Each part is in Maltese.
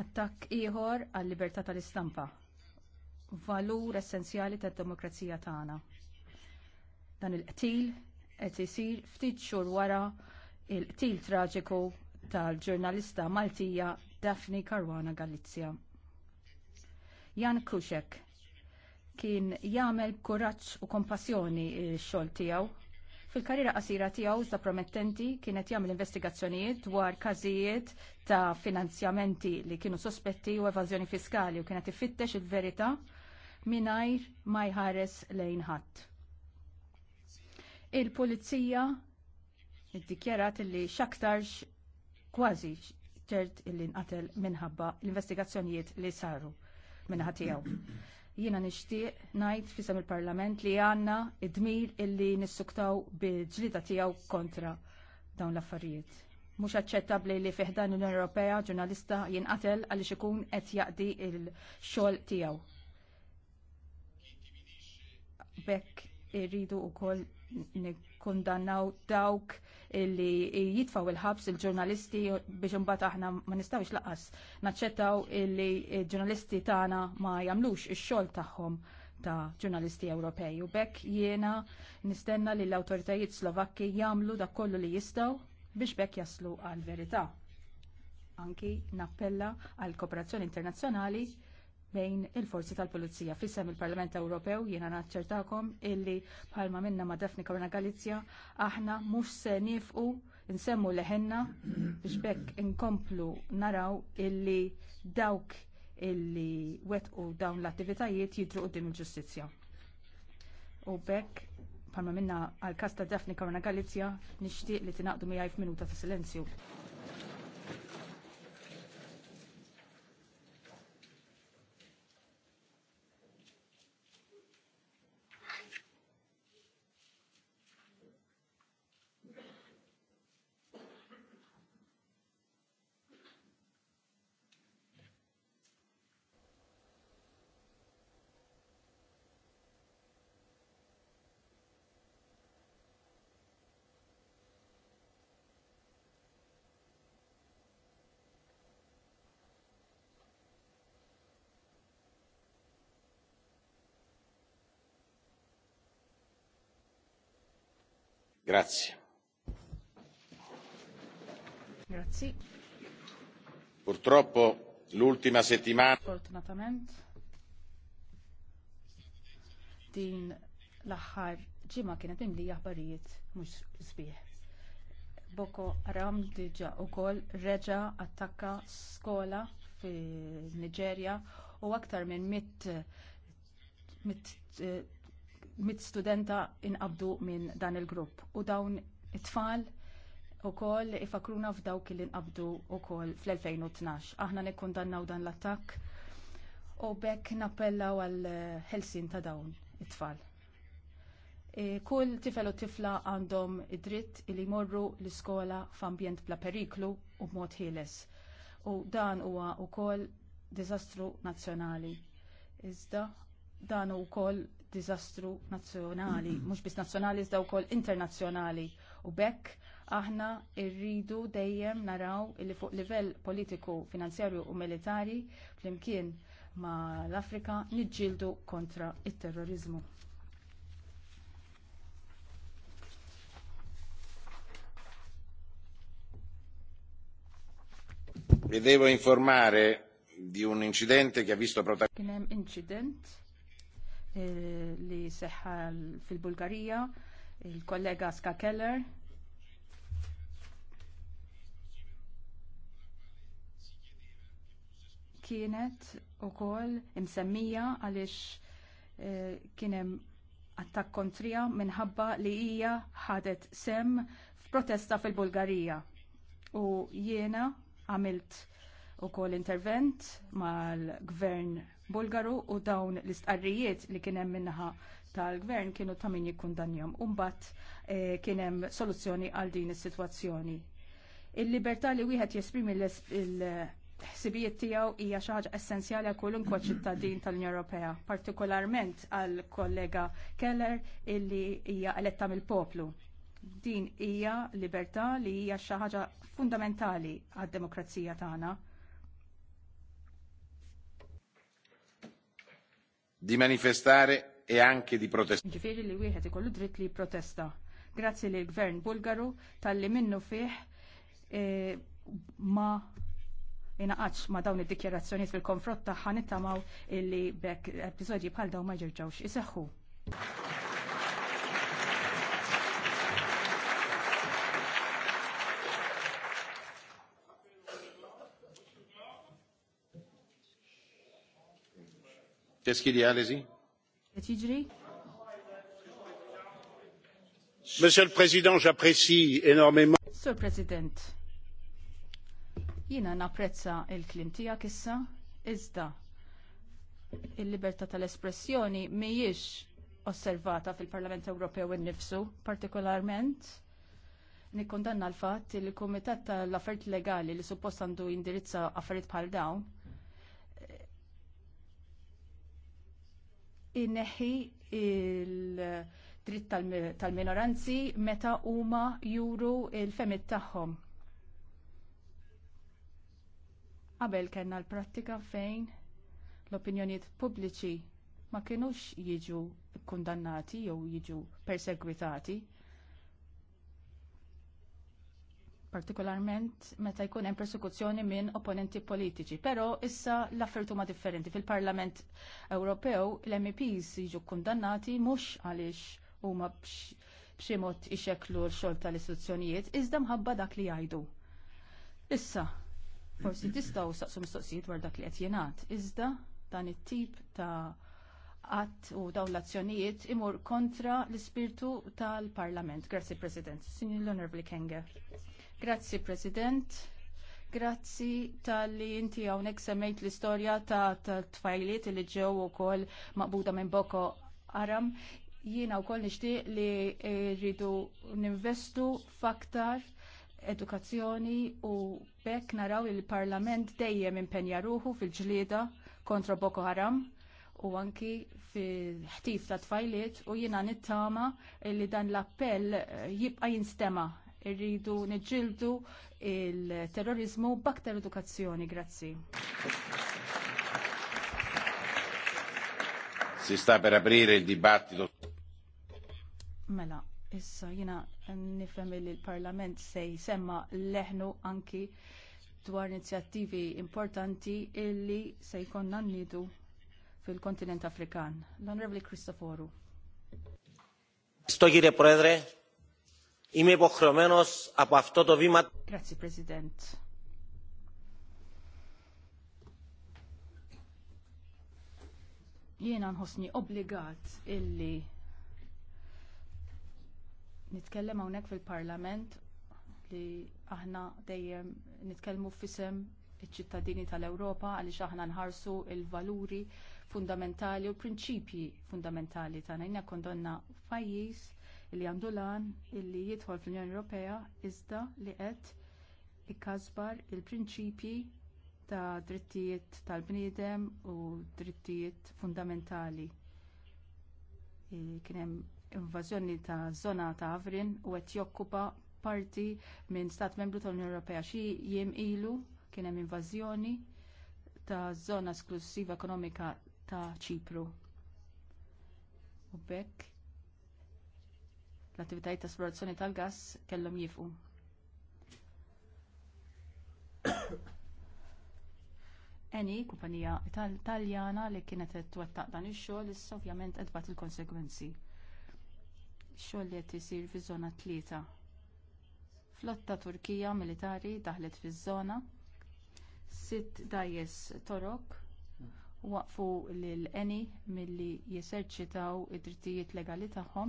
Attakk ieħor għal libertà tal-istampa, valur essenzjali tad-demokrazija tagħna. Dan il-qtil qed isir ftit xhur wara l qtil traġiku tal-ġurnalista Maltija Daphne Caruana Galizja. Jan Kuxek kien jagħmel kuraġġ u kompassjoni x-xogħol tiegħu Fil-karriera qasira tiegħu iżda promettenti kienet jagħmel investigazzjonijiet dwar każijiet ta' finanzjamenti li kienu sospetti u evażjoni fiskali u kienet ifittex il-verità mingħajr ma jħares lejn ħadd. Il-pulizija iddikjarat li xaktarx kważi ċert illi nqatel minħabba l-investigazzjonijiet li saru minnaħa tiegħu. Jiena nixtieq ngħid fisem il-Parlament li għandna id-dmir illi nissuktaw bil ġlita tiegħu kontra dawn l-affarijiet. Mhux aċċettabbli li fih dan l-Unjoni Ewropea ġurnalista jinqatel għaliex ikun qed jaqdi il xogħol tiegħu. Bekk irridu wkoll nikkundannaw dawk li jitfaw il-ħabs il-ġurnalisti biex imbagħad aħna ma nistgħux laqas naċċettaw li ġurnalisti tagħna ma jagħmlux ix-xogħol tagħhom ta' ġurnalisti Ewropej. U bekk jiena nistenna li l-awtoritajiet Slovakki jagħmlu dak kollu li jistgħu biex bekk jaslu għal verità. Anki nappella għal kooperazzjoni internazzjonali bejn il-forzi tal-Polizija. Fissem il-Parlament Ewropew jiena naċċertakom illi bħalma minna ma' Defni Korona Galizja aħna mhux se nifqu nsemmu leħenna biex bekk inkomplu naraw illi dawk illi wetqu dawn l-attivitajiet jidru quddiem il-ġustizzja. U bekk bħalma minna għal każ ta' Defni Korna Galizja nixtieq li tingħaqdu miegħi f'minuta ta' silenzju. Grazie. Grazie. Purtroppo l'ultima settimana Fortunatament din l-aħħar ġimgħa kienet imlija aħbarijiet mhux sbieħ. Boko Haram diġà wkoll reġa' attakka skola fin-Niġerja u aktar minn mit mit eh, mit studenta inqabdu minn dan il-grupp u dawn it-tfal u koll ifakruna f'dawk li inqabdu u koll fl-2012. Aħna nikkundannaw dan l-attak u bekk nappellaw għal ħelsin ta' dawn it-tfal. E, Kull tifel u tifla għandhom id-dritt li jmorru l-iskola f'ambjent bla periklu u b'mod ħieles. U dan huwa ukoll diżastru nazzjonali. Iżda dan u kol diżastru nazzjonali, mhux biss nazzjonali iżda wkoll internazzjonali. U bekk aħna rridu dejjem naraw li fuq livell politiku, finanzjarju u militari flimkien ma l-Afrika niġġieldu kontra t terrorizmu Vi devo informare di un incidente che ha visto protagonista. Eh, li seħħa fil-Bulgarija, il-kollega Ska Keller. Kienet ukoll imsemmija għaliex eh, kien hemm attakk kontrija minħabba li hija ħadet sem f'protesta fil-Bulgarija. U jiena għamilt ukoll intervent mal-gvern Bulgaru u dawn l-istqarrijiet li kien hemm minnaħa tal-gvern kienu ta' min jikkundanjom. Umbat eh, kien hemm soluzzjoni għal din is-sitwazzjoni. Il-libertà li wieħed jesprimi l-ħsibijiet tiegħu hija xi ħaġa essenzjali għal kulunkwa ċittadin tal-Unjoni Ewropea, partikolarment għal kollega Keller illi hija eletta mill-poplu. Din hija libertà li hija xi ħaġa fundamentali għad-demokrazija tagħna. di manifestare e anche di protestare. Ġifiri li wieħed ikollu dritt li protesta. Grazzi li l-gvern Bulgaru talli minnu fih e, ma inaqax ma dawn id-dikjerazzjoniet fil-konfront tagħha nittamaw illi bekk episodji bħal daw ma ġerġawx. iseħħu. Teski dialisi? Monsieur le Président, j'apprécie énormément. Sur President, jina napprezza il-klim tijak issa, iżda il-libertà tal-espressjoni mhijiex osservata fil-Parlament Ewropew innifsu, partikolarment nikkondanna l-fatt li l-Kumitat tal affert Legali li suppost għandu jindirizza affarijiet bħal dawn inneħi il-dritt tal-minoranzi meta huma juru il-femit tagħhom. Qabel kellna l-prattika fejn l-opinjonijiet pubbliċi ma kinux jiġu kkundannati jew jiġu persegwitati partikolarment meta jkun hemm persekuzzjoni minn opponenti politiċi. Però issa l-affarijiet huma differenti. Fil-Parlament Ewropew l-MEPs jiġu kundannati mhux għaliex huma b'xi mod ixeklu l-xogħol tal-istituzzjonijiet, iżda mħabba dak li jgħidu. Issa, forsi tistgħu saqsu mistoqsijiet dwar dak li qed jingħad, iżda dan it-tip ta' għat u dawn l-azzjonijiet imur kontra l-ispirtu tal-Parlament. Grazzi President. Signor Onorevoli Kenge. Grazzi President. Grazzi tal-li inti għawnek semmejt l-istoria ta' t-tfajliet li ġew u kol maqbuda minn Boko Haram. Jiena u kol nishtiq li eh, rridu ninvestu faktar edukazzjoni u bekk naraw il-parlament dejjem impenja ruħu fil-ġlieda kontra Boko Haram u anki fil-ħtif ta' tfajliet u jiena nittama li dan l-appell eh, jibqa jinstema' irridu niġġieldu il-terrorizmu b'aktar edukazzjoni. Grazzi. Si sta per aprire il dibattito. Mela, issa jina nifhem li l-Parlament se jsemma leħnu anki dwar inizjattivi importanti illi se jkonna nnidu fil-kontinent Afrikan. L-Onorevoli Kristoforu. Sto jire, Proedre, Είμαι από αυτό το βήμα... Grazie, President. Jiena nħossni obbligat illi nitkellem hawnhekk fil-Parlament li aħna dejjem nitkellmu f'isem iċ-ċittadini tal-Ewropa għaliex aħna nħarsu l valuri fundamentali u l prinċipji fundamentali tagħna. Jiena kondonna f'pajjiż li għandu lan illi jidħol fl-Unjoni Ewropea iżda li qed ikkasbar il-prinċipji ta' drittijiet tal-bniedem u drittijiet fundamentali. Kien hemm invażjoni ta' żona ta' Avrin u qed jokkupa parti minn stat membru tal-Unjoni Ewropea xi jiem ilu kien hemm invażjoni ta' żona esklusiva ekonomika ta' Ċipru. U bekk l-attivitajiet ta' esplorazzjoni tal-gass kellhom jifqu. Eni, kumpanija taljana li kienet qed twettaq dan ix-xogħol issa ovvjament qed bat il-konsekwenzi. Xogħol li qed isir fiż-żona tlieta. Flotta Turkija militari daħlet fiż-żona. Sitt dajes torok waqfu lil Eni milli jeserċitaw id-drittijiet legali tagħhom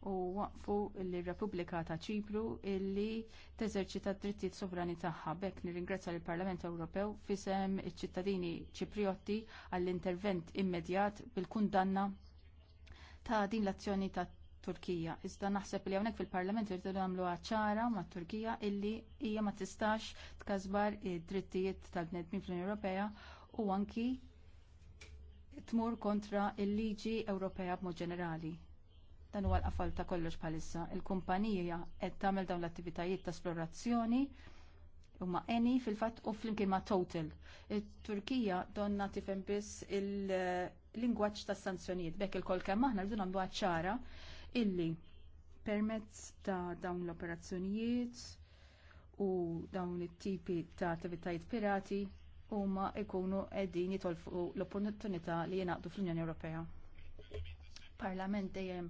u waqfu l-Repubblika ta' Ċipru illi teżerċita d-drittijiet sovrani tagħha. Bekk nirringrazzja lill-Parlament Ewropew fisem iċ-ċittadini Ċipriotti għall-intervent immedjat bil-kundanna ta' din l-azzjoni ta' Turkija. Iżda naħseb li hawnhekk fil-Parlament irdu nagħmlu ċara mat Turkija illi hija ma tistax tkasbar id-drittijiet tal-bnedmin fl-Unjoni Ewropea u anki tmur kontra l liġi Ewropea b'mod ġenerali. Dan huwa l-qafal ta' kollox bħalissa. Il-kumpanija qed tagħmel dawn l-attivitajiet ta' esplorazzjoni huma eni fil-fatt u flimkien ma' total. Il-Turkija donna tifhem biss il-lingwaġġ tas sanzjonijiet bekk il-kol kemm aħna rridu nagħmlu ċara illi permezz ta' dawn l-operazzjonijiet u dawn it-tipi ta' attivitajiet pirati huma jkunu qegħdin jitolfu l-opportunità li jingħaqdu fl-Unjoni Ewropea parlament dejjem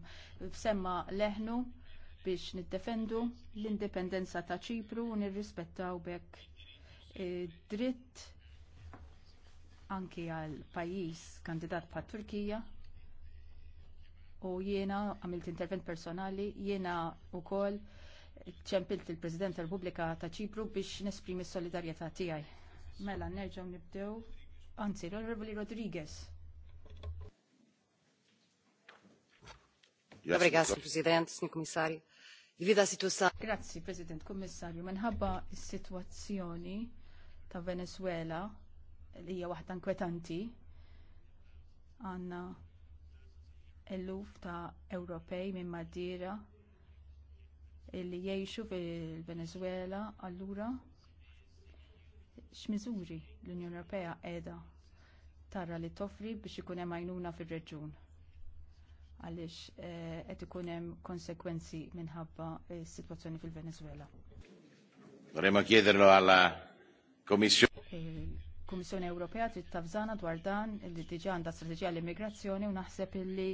semma leħnu biex niddefendu l-indipendenza ta' ċipru u nirrispettaw bekk e, dritt anki għal pajjiż kandidat pa' Turkija u jiena għamilt intervent personali jiena wkoll ċempilt il-President tal Repubblika ta' ċipru biex nesprimi s-solidarjetà tiegħi. Mela, nerġgħu nibdew. Anzi, l-Onorevoli Rodriguez. Grazzi, President Kommissarju. Minħabba s-situazzjoni ta' Venezuela li hija waħda inkwetanti għandna eluf ta' Ewropej minn Madira li jgħixu fil-Venezuela allura x'miżuri l-Unjoni Ewropea qiegħda tara li toffri biex ikun hemm għajnuna fir-reġjun għaliex eh, qed ikun hemm konsekwenzi minħabba s-sitwazzjoni fil-Venezuela. Vorremmo chiederlo alla Commissione. Kummissjoni Ewropea trid tafżana dwar dan li diġà għandha strateġija l-immigrazzjoni u naħseb illi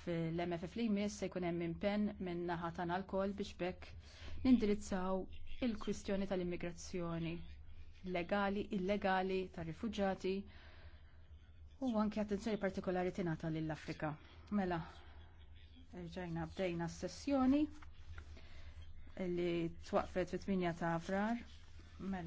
fl-MFF li jmiss se jkun hemm impenn minn naħa tagħna lkoll biex bekk nindirizzaw il-kwistjoni tal-immigrazzjoni legali, illegali, tar-rifuġġati u anke attenzjoni partikolari tingħata lill-Afrika. Mela, rġajna bdejna s-sessjoni li twaqfet fit-8 ta' frar. Mela.